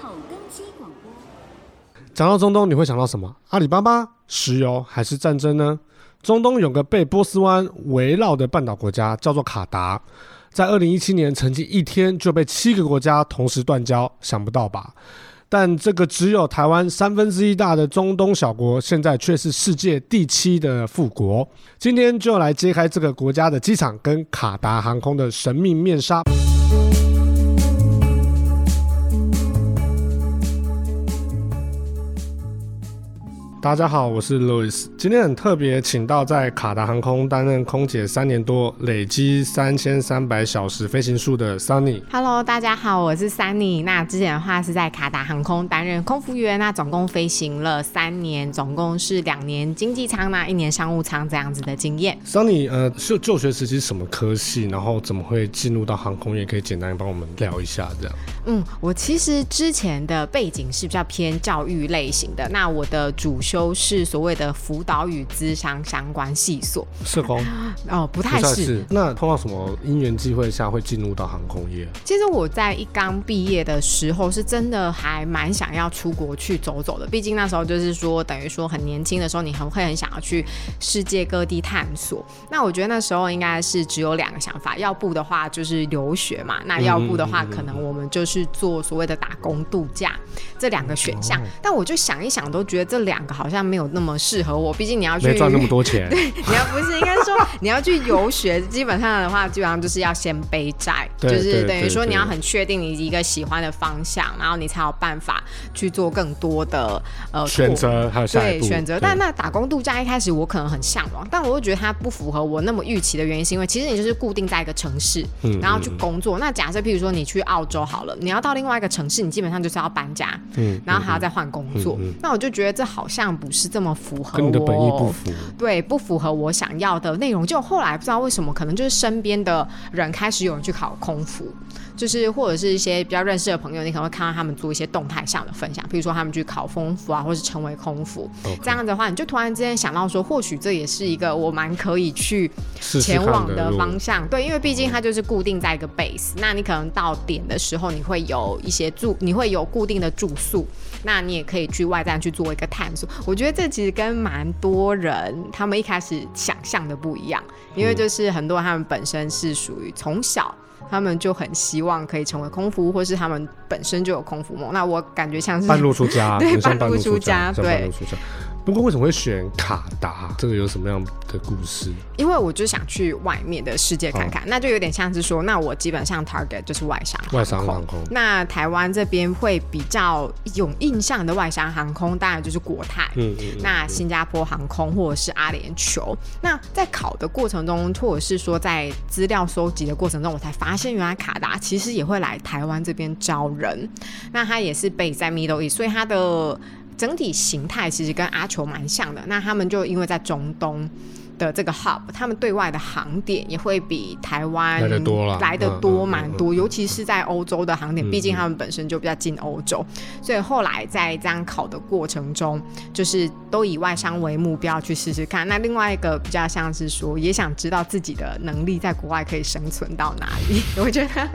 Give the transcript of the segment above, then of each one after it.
講到中東，你會想到什麼？阿里巴巴、石油還是戰爭呢？中東有個被波斯灣圍繞的半島國家，叫做卡達。在二零一七年，曾經一天就被七個國家同時斷交，想不到吧？但這個只有台灣三分之一大的中東小國，現在卻是世界第七的富國。今天就來揭開這個國家的機場跟卡達航空的神秘面紗。大家好，我是 Louis。今天很特別，請到在卡達航空擔任空姐三年多，累積三千三百小時飛行數的 Sunny。Hello，大家好，我是 Sunny。那之前的話是在卡達航空擔任空服員，那總共飛行了三年，總共是兩年經濟艙嘛，一年商務艙這樣子的經驗。Sunny，呃，就就學時期什麼科系，然後怎麼會進入到航空，也可以簡單幫我們聊一下這樣。嗯，我其實之前的背景是比較偏教育類型的，那我的主。修是所謂的輔導與諮商相關系所，社工 哦，不太是，不是，是。那碰到什麼因緣際會下會進入到航空業？其實我在一剛畢業的時候，是真的還蠻想要出國去走走的。畢竟那時候就是說，等於說很年輕的時候，你很會很想要去世界各地探索。那我覺得那時候應該是只有兩個想法，要不的話就是留學嘛，那要不的話可能我們就是做所謂的打工度假、嗯、這兩個選項。嗯哦、但我就想一想，都覺得這兩個。好像沒有那麼適合我，畢竟你要去賺那麼多錢，對，你要不是應該是說你要去遊學，基本上的話，基本上就是要先背債，就是等於說你要很確定你一個喜歡的方向，然後你才有辦法去做更多的呃選擇，還有下一步。對，選擇。但那打工度假一開始我可能很向往，但我又覺得它不符合我那麼預期的原因，是因為其實你就是固定在一個城市，然後去工作。那假設譬如說你去澳洲好了，你要到另外一個城市，你基本上就是要搬家，然後還要再換工作。那我就覺得這好像。不是這麼符合我，對，不符合我想要的內容。就後來不知道為什麼，可能就是身邊的人開始有人去考空服，就是或者是一些比較認識的朋友，你可能會看到他們做一些動態上的分享，比如說他們去考空服啊，或是成為空服。Okay. 這樣的話，你就突然之間想到說，或許這也是一個我蠻可以去前往的方向。試試對，因為畢竟它就是固定在一個 base，、嗯、那你可能到點的時候，你會有一些住，你會有固定的住宿。那你也可以去外站去做一個探索，我覺得這其實跟蠻多人他們一開始想象的不一樣，因為就是很多他們本身是屬於從小，他們就很希望可以成為空服，或是他們本身就有空服夢。那我感覺像是半路出家， 對，半路出家，對。不過為什麼會選卡達？這個有什麼樣的故事？因為我就想去外面的世界看看，哦、那就有點像是說，那我基本上 target 就是外商航空。外商航空，那台灣這邊會比較有印象的外商航空，當然就是國泰。嗯，嗯，嗯，嗯，那新加坡航空或者是阿聯酋。那在考的過程中，或者是說在資料收集的過程中，我才發。啊現在卡達其實也會來台灣這邊招人，那他也是被在 Middle East，所以他的整體形態其實跟阿球蠻像的。那他們就因為在中東的這個 hub，他們對外的航點也會比台灣來的多、嗯、多、多，來的多蠻多，嗯嗯嗯、尤其是在歐洲的航點，畢、嗯嗯、竟他們本身就比較近歐洲。嗯嗯、所以後來在這樣考的過程中，就是都以外商為目標去試試看。那另外一個比較像是說，也想知道自己的能力在國外可以生存到哪裡。 我覺得，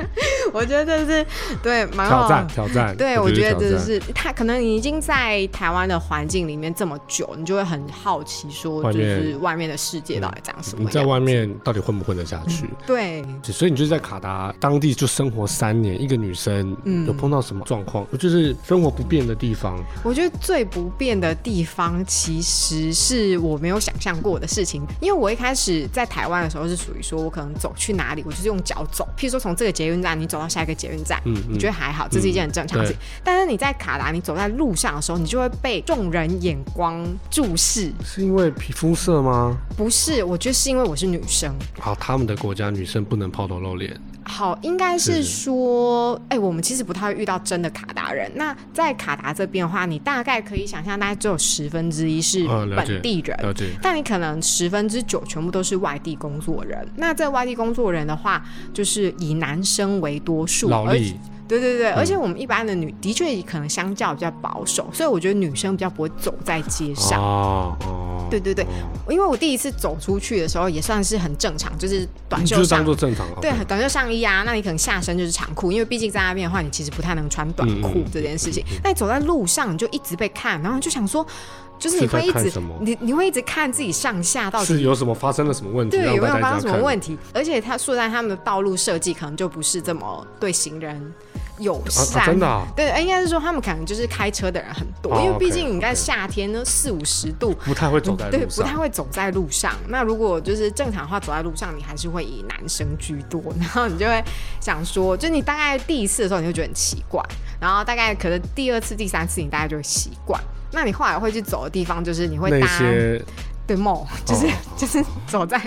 我覺得這是對蠻好挑戰，挑戰。對、就是挑戰、我覺得這是，他可能已經在台灣的環境裡面這麼久，你就會很好奇說，就是外面的世。世界到底這樣子，嗯？你在外面到底混不混得下去？嗯、對，所以你就是在卡達當地就生活三年，一個女生有碰到什麼狀況？嗯、就是生活不便的地方。我覺得最不便的地方，其實是我沒有想象過的事情。因為我一開始在台灣的時候，是屬於說我可能走去哪裡，我就是用腳走。譬如說從這個捷運站，你走到下一個捷運站，嗯、你覺得還好，這是一件很正常的事情。嗯、但是你在卡達，你走在路上的時候，你就會被眾人眼光注視。是因為皮膚色嗎？不是，我覺得是因為我是女生。好，他們的國家女生不能拋頭露臉。好，應該是說，哎是、欸，我們其實不太會遇到真的卡達人。那在卡達這邊的話，你大概可以想象，大概只有十分之一是本地人。啊、了解、了解。但你可能十分之九全部都是外地工作人。那在外地工作人的話，就是以男生為多數。勞力。而且。對對對，嗯、而且我們一般的女的確可能相較比較保守，所以我覺得女生比較不會走在街上。哦。哦對對對，哦、因為我第一次走出去的時候也算是很正常，就是短袖上、嗯，就是、當做正常，對 okay. 短袖上衣啊，那你可能下身就是長褲，因為畢竟在那邊的話，你其實不太能穿短褲這件事情。那、嗯嗯嗯、你走在路上你就一直被看，然後就想說，就是你會一直你你會一直看自己上下，到底是有什麼發生了什麼問題？對，有沒有發生什麼問題？而且他所在他們的道路設計可能就不是這麼對行人。友善、啊啊、真的、啊、對，應該是說他們可能就是開車的人很多，哦、因為畢竟你在夏天呢四五十度，不太會走在路上，對，不太會走在路上。路上那如果就是正常的話，走在路上你還是會以男生居多，然後你就會想說，就你大概第一次的時候你會覺得很奇怪，然後大概可能第二次、第三次你大概就會習慣。那你後來會去走的地方就是你會搭對些 mall，就是、哦、就是走在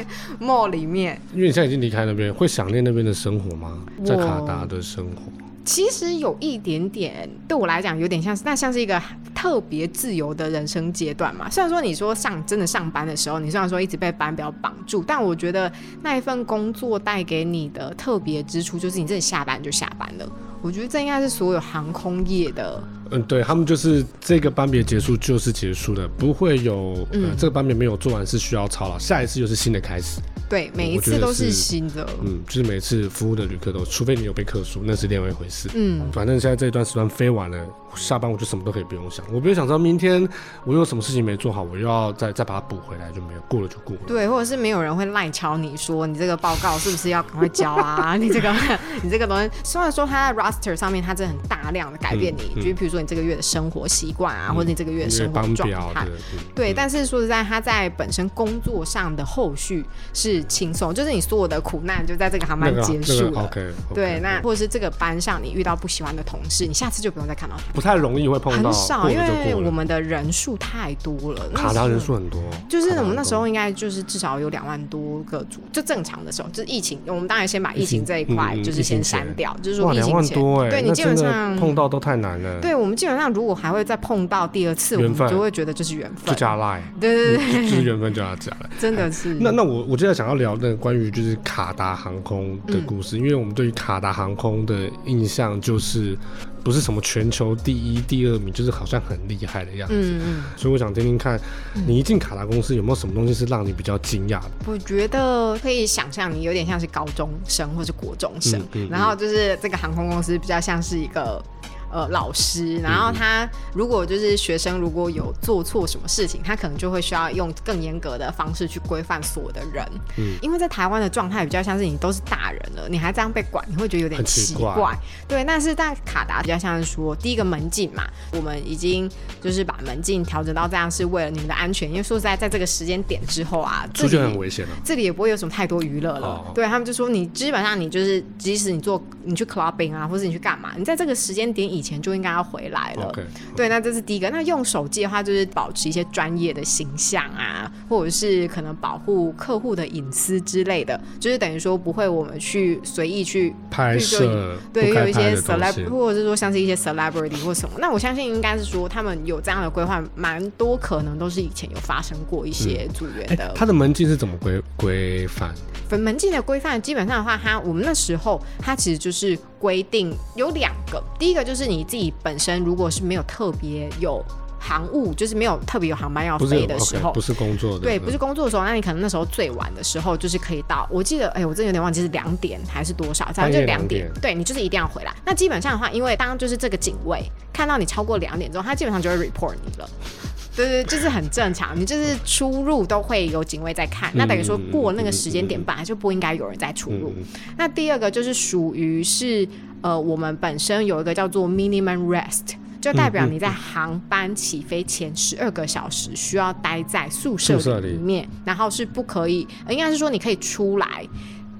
mall 裡面。因為你現在已經離開那邊，會想念那邊的生活嗎？在卡達的生活。其實有一點點，對我來講有點像，那像是一個特別自由的人生階段嘛。雖然說你說上真的上班的時候，你雖然說一直被班表綁住，但我覺得那一份工作帶給你的特別之處，就是你真的下班就下班了。我覺得這應該是所有航空業的，嗯，對，他們就是這個班別結束就是結束的，不會有、呃嗯、這個班別沒有做完是需要操勞，下一次又是新的開始。對，每一次都是新的是。嗯，就是每次服務的旅客都，除非你有被客訴，那是另外一回事。嗯，反正現在這一段時段飛完了，下班我就什麼都可以不用想。我不用想說明天我有什麼事情沒做好，我又要再再把它補回來就沒有。過了就過了。對，或者是沒有人會賴敲你說，你這個報告是不是要趕快交啊？ 你這個你這個東西，雖然說他在 roster 上面，他真的很大量的改變你，嗯嗯、就比如說你這個月的生活習慣啊，嗯、或者你這個月的生活狀態，對，但是說實在，他在本身工作上的後續是。輕鬆，就是你所有的苦難就在這個航班結束了。對，那或者是這個班上你遇到不喜歡的同事，你下次就不用再看到。不太容易會碰到，很少，因為我們的人數太多了。卡達人數很多，就是我們那時候應該就是至少有兩萬多個組，就正常的時候，就疫情，我們當然先把疫情這一塊就是先刪掉，就是說兩萬多，對你基本上碰到都太難了。對我們基本上如果還會再碰到第二次，我們就會覺得這是緣分，就加賴，對對對，這是緣分就要加賴，真的是。那那我我就在想，要聊的關於就是卡達航空的故事，嗯、因為我們對於卡達航空的印象就是，不是什麼全球第一、第二名，就是好像很厲害的樣子。嗯、所以我想聽聽看，你一進卡達公司、嗯、有沒有什麼東西是讓你比較驚訝的？我覺得可以想象你有點像是高中生或是國中生，嗯嗯嗯、然後就是這個航空公司比較像是一個。呃，老師，然後他如果就是學生，如果有做錯什麼事情，嗯、他可能就會需要用更嚴格的方式去規範所有的人。嗯，因為在台灣的狀態比較像是你都是大人了，你還這樣被管，你會覺得有點奇怪。奇怪。對，但是在卡達比較像是說，第一個門禁嘛，我們已經就是把門禁調整到這樣，是為了你們的安全。因為說實在，在這個時間點之後啊，這裡出去很危險了、啊。這裡也不會有什麼太多娛樂了。好好。對，他們就說你，你基本上你就是，即使你做你去 clubbing 啊，或者你去幹嘛，你在這個時間點以以前就應該要回來了。Okay, okay. 對，那這是第一個。那用手機的話，就是保持一些專業的形象啊，或者是可能保護客戶的隱私之類的，就是等於說不會我們去隨意去拍攝。對。對於有一些 celebrity 或者是說像是一些 celebrity 或什麼。那我相信應該是說他們有這樣的規劃，蠻多可能都是以前有發生過一些組員的。嗯，欸，他的門禁是怎麼規規範？門禁的規範基本上的話，他我們那時候他其實就是。規定有兩個，第一個就是你自己本身如果是沒有特別有航務，就是沒有特別有航班要飛的時候，不是, okay, 不是工作的，對，不是工作的時候，那你可能那時候最晚的時候就是可以到。我記得，哎、欸，我真的有點忘記是兩點還是多少，反正就兩點。對，你就是一定要回來。那基本上的話，因為當就是這個警衛看到你超過兩點鐘，他基本上就會 report 你了。對，對對，就是很正常。你就是出入都會有警衛在看，嗯、那等於說過那個時間點本來就不應該有人在出入。嗯嗯、那第二個就是屬於是呃，我們本身有一個叫做 minimum rest，就代表你在航班起飛前十二個小時需要待在宿舍裡面，裡然後是不可以，應該是說你可以出來。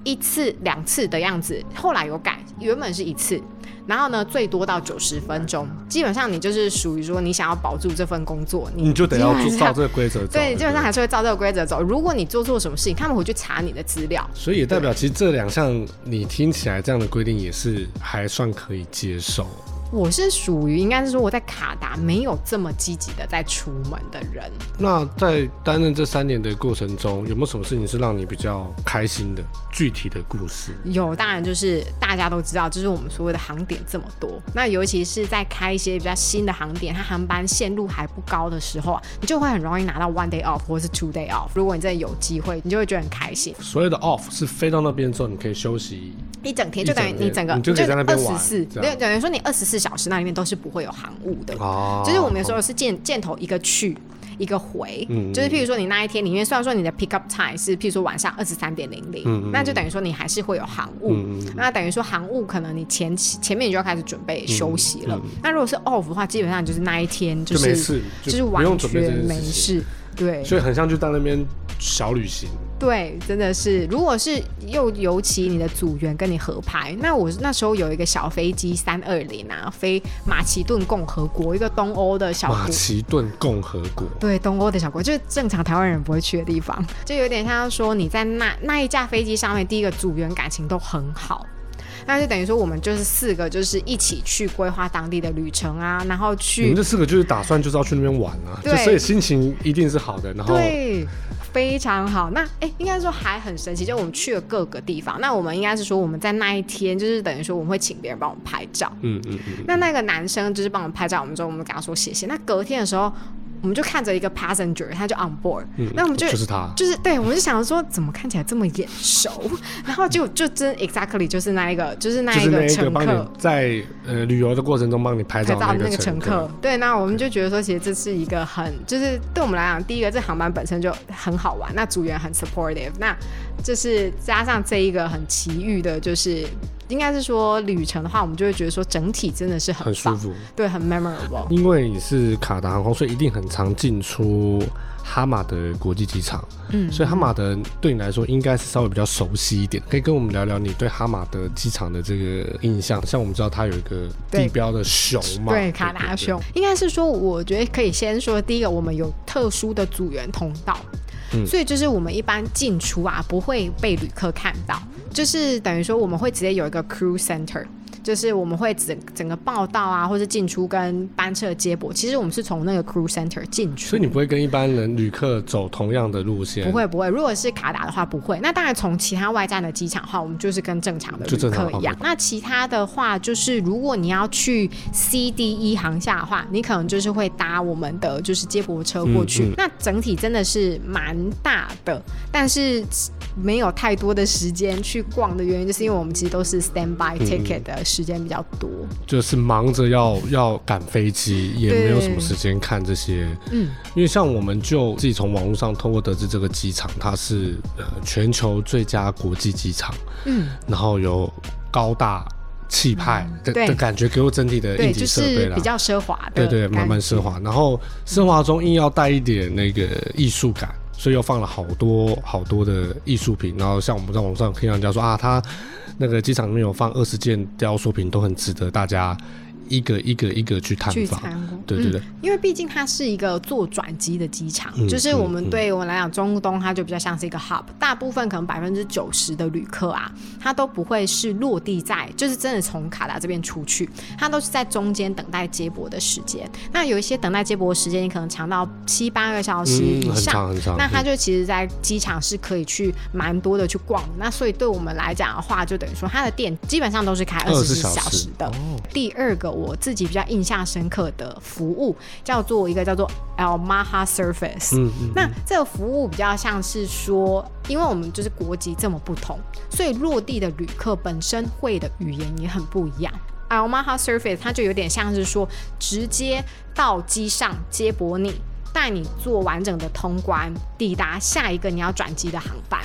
一次兩次的樣子，後來有改，原本是一次，然後呢，最多到九十分鐘，基本上你就是屬於說，你想要保住這份工作，你，你就得要照這個規則走。對，對對，基本上還是會照這個規則走。如果你做錯什麼事情，他們會去查你的資料。所以也代表，其實這兩項，對你聽起來這樣的規定也是還算可以接受。我是屬於應該是說，我在卡達沒有這麼積極的在出門的人。那在擔任這三年的過程中，有沒有什麼事情是讓你比較開心的？具體的故事？有，當然就是大家都知道，就是我們所謂的航點這麼多。那尤其是在開一些比較新的航點，它航班線路還不高的時候啊，你就會很容易拿到 one day off 或是 two day off。如果你真的有機會，你就會覺得很開心。所謂的 off 是飛到那邊之後你可以休息。一整天就等於你整個就二十四，就等於說你二十四小時那裡面都是不會有航務的。哦，就是我們有時候是箭箭頭一個去一個回，就是譬如說你那一天裡面，雖然說你的 pick up time 是譬如說晚上二十三點零零，那就等於說你還是會有航務，那等於說航務可能你前前面你就要開始準備休息了。那如果是 off 的話，基本上就是那一天就是就是完全沒事，對。所以很像就在那邊小旅行。對，真的是，如果是又尤其你的組員跟你合拍，那我那時候有一個小飛機三二零啊，飛馬其頓共和國，一個東歐的小國，馬其頓共和國，對，東歐的小國，就是正常台灣人不會去的地方，就有點像說你在那那一架飛機上面，第一個組員感情都很好。那就等於說，我們就是四個，就是一起去規劃當地的旅程啊，然後去。我們這四個就是打算就是要去那邊玩啊，對，所以心情一定是好的。然後對，非常好。那哎、欸，應該說還很神奇，就我們去了各個地方。那我們應該是說，我們在那一天就是等於說我們會請別人幫我們拍照。嗯嗯嗯。嗯嗯那那個男生就是幫我們拍照，我們之後我們跟他說謝謝。那隔天的時候。我們就看着一個 passenger，他就 on board，嗯，那我們就就是他，就是對，我們就想說怎麼看起來這麼眼熟，然後就就真 exactly 就是那一個，就是那一個乘客在呃旅遊的過程中幫你拍照，拍照的那個乘客。對，那我們就覺得說，其實這是一個很就是對我們來講，第一個這航班本身就很好玩，那組員很 supportive，那就是加上這一個很奇遇的，就是。應該是說旅程的話，我們就會覺得說整體真的是很，很舒服，對，很 memorable。因為你是卡達航空，所以一定很常進出哈馬德國際機場，嗯，所以哈馬德對你來說應該是稍微比較熟悉一點，可以跟我們聊聊你對哈馬德機場的這個印象？像我們知道它有一個地標的熊嘛，對，對，卡達熊。對對對，應該是說，我覺得可以先說第一個，我們有特殊的組員通道。所以就是我們一般進出啊，不會被旅客看到，就是等於說我們會直接有一個 crew center。就是我們會整整個報道啊，或是進出跟班車接駁。其實我們是從那個 crew center 進去，所以你不會跟一般人旅客走同樣的路線。不會不會，如果是卡達的話不會。那當然從其他外站的機場的話，我們就是跟正常的旅客一樣。那其他的話，就是如果你要去 CDE 航廈的話，你可能就是會搭我們的就是接駁車過去。嗯嗯。那整體真的是蠻大的，但是沒有太多的時間去逛的原因，就是因為我們其實都是 stand by ticket 的。嗯時間比較多，就是忙着要要趕飛機，也沒有什麼時間看這些。嗯，因為像我們就自己從網路上通過得知，這個機場它是呃全球最佳國際機場。嗯，然後有高大氣派的、嗯、的感覺，給我整體的硬體設備啦，就是、比較奢華的，對對，蠻蠻奢華，然後奢華中硬要帶一點那個藝術感。嗯所以又放了好多好多的藝術品，然後像我們在網上聽到人家說啊，他那個機場裡面有放二十件雕塑品，都很值得大家。一個一個一個去探訪，探，對對對，嗯、因為畢竟它是一個做轉機的機場，嗯、就是我們對我們來講，中東它就比較像是一個 hub，、嗯嗯、大部分可能百分之九十的旅客啊，他都不會是落地在，就是真的從卡達這邊出去，他都是在中間等待接駁的時間。那有一些等待接駁的時間，你可能長到七八個小時以上，嗯、很長很長，那他就其實，在機場是可以去蠻多的去逛的。嗯、那所以對我們來講的話，就等於說，他的店基本上都是開二十四小時的。時，哦、第二個。我自己比較印象深刻的服務叫做一個叫做 Elmaha s u r f a c e 嗯嗯，那這個服務比較像是說，因為我們就是國籍這麼不同，所以落地的旅客本身會的語言也很不一樣。Elmaha s u r f a c e 它就有點像是說，直接到機上接駁你，帶你做完整的通關，抵達下一個你要轉機的航班。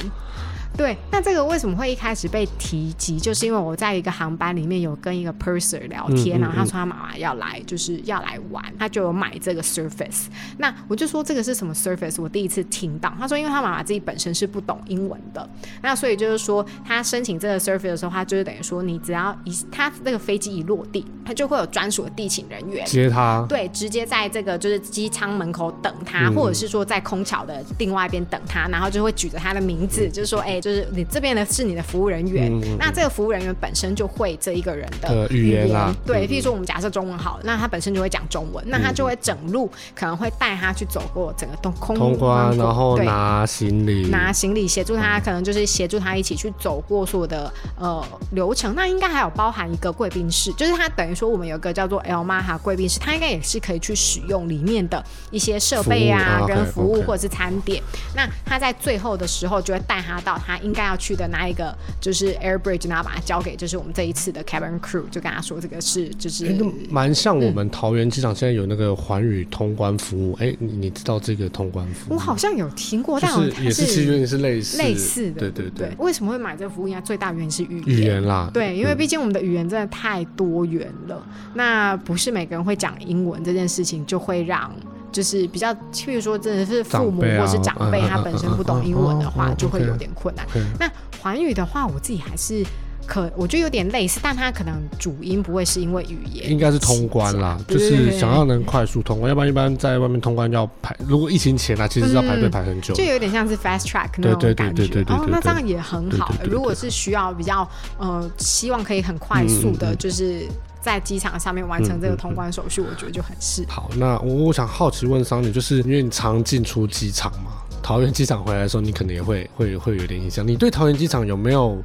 對，那這個為什麼會一開始被提及？就是因為我在一個航班裡面有跟一個 purser 聊天，嗯嗯嗯、然後他說他媽媽要來，就是要來玩，他就有買這個 surface。那我就說這個是什麼 surface？我第一次聽到。他說，因為他媽媽自己本身是不懂英文的，那所以就是說他申請這個 surface 的時候，他就是等於說你只要一他那個飛機一落地，他就會有專屬的地勤人員接他。對，直接在這個就是機艙門口等他，嗯、或者是說在空橋的另外一邊等他，然後就會舉着他的名字，嗯、就是說哎。欸就是你這邊的是你的服務人員，那這個服務人員本身就會這一個人的語言啦。對，譬如說我們假設中文好，那他本身就會講中文，那他就會整路可能會帶他去走過整個通關，然後拿行李，拿行李協助他，可能就是協助他一起去走過所有的呃流程。那應該還有包含一個貴賓室，就是他等於說我們有一個叫做 Al Maha 貴賓室，他應該也是可以去使用裡面的一些設備啊，跟服務或者是餐點。那他在最後的時候就會帶他到他。應該要去的那一個就是 Airbridge，那要把它交給就是我們這一次的 Cabin Crew，就跟他說這個是就是蠻、欸、像我們桃園機場現在有那個環宇通關服務。哎、嗯欸，你知道這個通關服務？我好像有聽過，但是也是其實是類似是類似的，似的對對對，對。為什麼會買這個服務？應該最大原因是語言，語言啦。對，因為畢竟我們的語言真的太多元了，嗯、那不是每個人會講英文這件事情，就會讓。就是比較，譬如說，真的是父母或是長輩，他本身不懂英文的話，就會有點困難。那寰宇的話，我自己還是可，我覺得有點類似，但它可能主因不會是因為語言，應該是通關啦，就是想要能快速通關，要不然一般在外面通關要排，如果疫情前啦，其實是要排隊排很久，就有點像是 fast track 那種感覺。那這樣也很好，如果是需要比較呃，希望可以很快速的，就是。在機場上面完成這個通關手續，嗯，嗯嗯，我覺得就很適。好，那我我想好奇問 Sunny，就是因為你常進出機場嘛，桃園機場回來的時候，你可能也會會會有點印象。你對桃園機場有沒有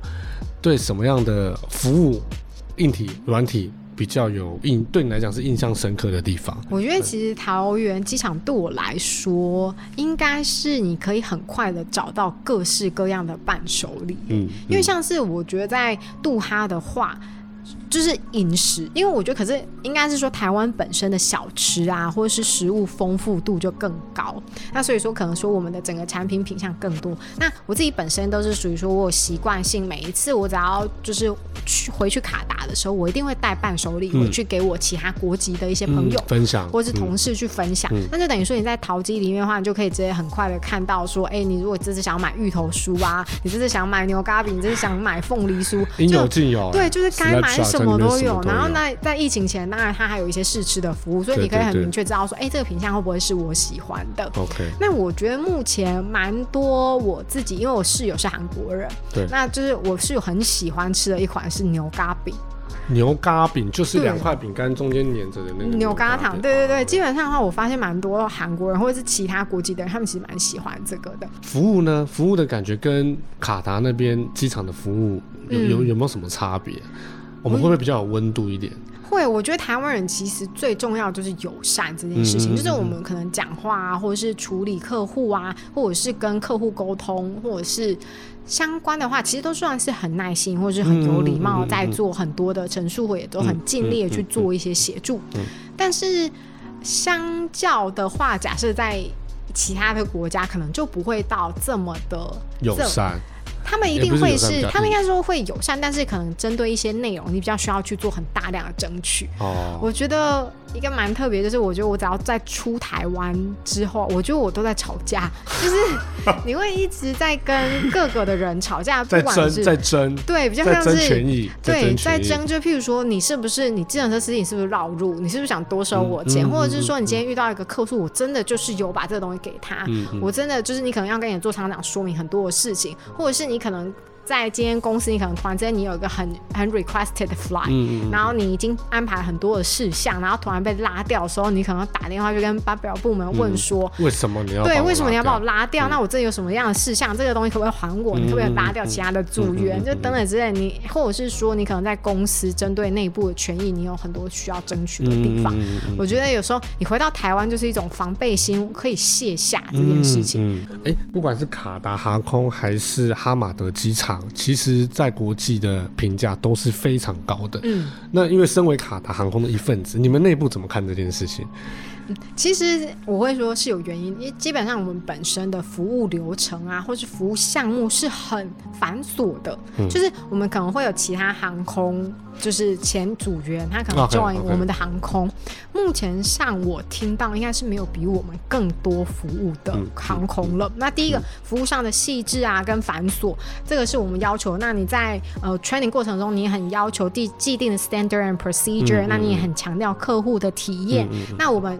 對什麼樣的服務、硬體、軟體比較有印？對你來講是印象深刻的地方？我覺得其實桃園機場對我來說，應該是你可以很快的找到各式各樣的伴手禮，嗯。嗯，因為像是我覺得在杜哈的話。就是飲食，因為我覺得，可是應該是說台灣本身的小吃啊，或者是食物豐富度就更高。那所以說，可能說我們的整個產品品項更多。那我自己本身都是屬於說，我有習慣性每一次我只要就是去回去卡達的時候，我一定會帶伴手禮回去給我其他國籍的一些朋友分享，嗯、或者是同事去分享。嗯分享嗯、那就等於說你在桃機裡面的話，你就可以直接很快的看到說，哎、嗯欸，你如果這次想買芋頭酥啊，你這次想買牛軋餅，你這次想買鳳梨酥，應有盡有、欸。對，就是該買什什麼都有，然後那在疫情前，當然它還有一些試吃的服務，所以你可以很明確知道說，哎、欸，這個品相會不會是我喜歡的？OK。那我覺得目前蠻多我自己，因為我室友是韓國人，對，那就是我室友很喜歡吃的一款是牛軋餅，就是。牛軋餅就是兩塊餅乾中間粘着的那種牛軋糖，對對對。基本上的話，我發現蠻多韓國人或者是其他國籍的人，他們其實蠻喜歡這個的。服務呢？服務的感覺跟卡達那邊機場的服務有有有，有沒有什麼差別？我們會不會比較有溫度一點、嗯？會，我覺得台灣人其實最重要就是友善這件事情，嗯、就是我們可能講話啊，或者是處理客戶啊，或者是跟客戶溝通，或者是相關的話，其實都算是很耐心，或者是很有禮貌，在做很多的陳述，或、嗯、也都很盡力的去做一些協助。但是相較的話，假設在其他的國家，可能就不會到這麼的友善。他們一定會是，他們應該說會友善，但是可能針對一些內容，你比較需要去做很大量的爭取。哦，我覺得一個蠻特別的是，我覺得我只要在出台灣之後，我覺得我都在吵架，就是你會一直在跟各個的人吵架，不管是在爭，對，比較像是在爭權益，對，在爭，就譬如說你是不是你計程車司機是不是繞路，你是不是想多收我錢，或者是說你今天遇到一個客戶，我真的就是有把這個東西給他，我真的就是你可能要跟你做廠長說明很多的事情，或者是。是你可能。在今天公司，你可能突然之間你有一個很很 requested 的 flight，、嗯、然後你已經安排了很多的事項，然後突然被拉掉的時候，你可能打電話就跟報表部門問說，為什麼你要對為什麼你要把我拉掉？那我這裡有什麼樣的事項？這個東西可不可以還我？你可不可以拉掉其他的組員？嗯、就等等之類，你或者是說你可能在公司針對內部的權益，你有很多需要爭取的地方。嗯、我覺得有時候你回到台灣就是一種防備心可以卸下這件事情。哎、嗯嗯，不管是卡達航空還是哈馬德機場。其實，在國際的評價都是非常高的。嗯，那因為身為卡達航空的一份子，你們內部怎麼看這件事情？其實我會說是有原因，因為基本上我們本身的服務流程啊，或是服務項目是很繁瑣的。嗯、就是我們可能會有其他航空，就是前組員他可能 join 我們的航空。Okay, okay. 目前上我聽到應該是沒有比我們更多服務的航空了。嗯、那第一個服務上的細緻啊跟繁瑣，這個是我們要求。那你在呃 training 過程中，你很要求既既定的 standard and procedure，嗯嗯嗯，那你也很強調客戶的體驗。嗯嗯嗯，那我們。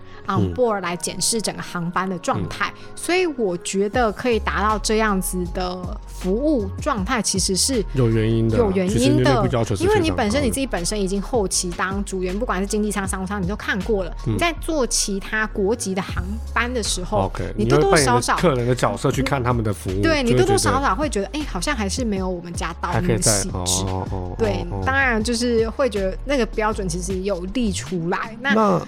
on board 來檢視整個航班的狀態，所以我覺得可以達到這樣子的服務狀態，其實是有原因的，有原因的，因為你本身你自己本身已經後期當主員，不管是經濟艙、商務艙，你都看過了。在做其他國籍的航班的時候，你多多少少客人的角色去看他們的服務，對你多多少少會覺得，哎，好像還是沒有我們家到那麼細緻。對，當然就是會覺得那個標準其實有立出來那。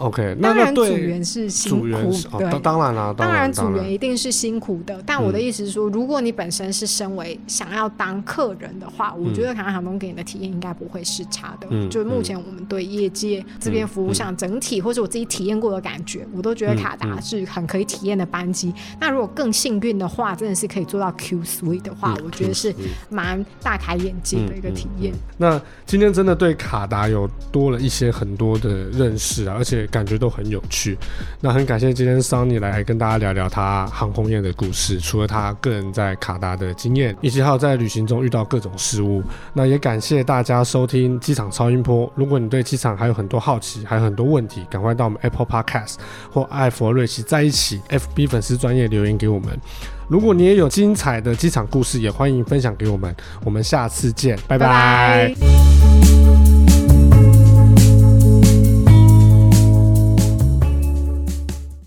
OK，當然組員是辛苦，對，當然了，當然組員一定是辛苦的。但我的意思是說，如果你本身是身為想要當客人的話，我覺得卡航航空給你的體驗應該不會是差的。就是目前我們對業界這邊服務上整體，或是我自己體驗過的感覺，我都覺得卡達是很可以體驗的班機。那如果更幸運的話，真的是可以做到 Q Suite 的話，我覺得是蠻大開眼界的一個體驗。那今天真的對卡達有多了一些很多的認識啊，而且。感覺都很有趣，那很感謝今天 Sunny 來，來跟大家聊聊他航空業的故事，除了他個人在卡達的經驗，以及還有在旅行中遇到各種事物。那也感謝大家收聽機場超音波。如果你對機場還有很多好奇，還有很多問題，趕快到我們 Apple Podcast 或艾弗瑞淇在一起 FB 粉絲專業留言給我們。如果你也有精彩的機場故事，也歡迎分享給我們。我們下次見，拜拜。拜拜。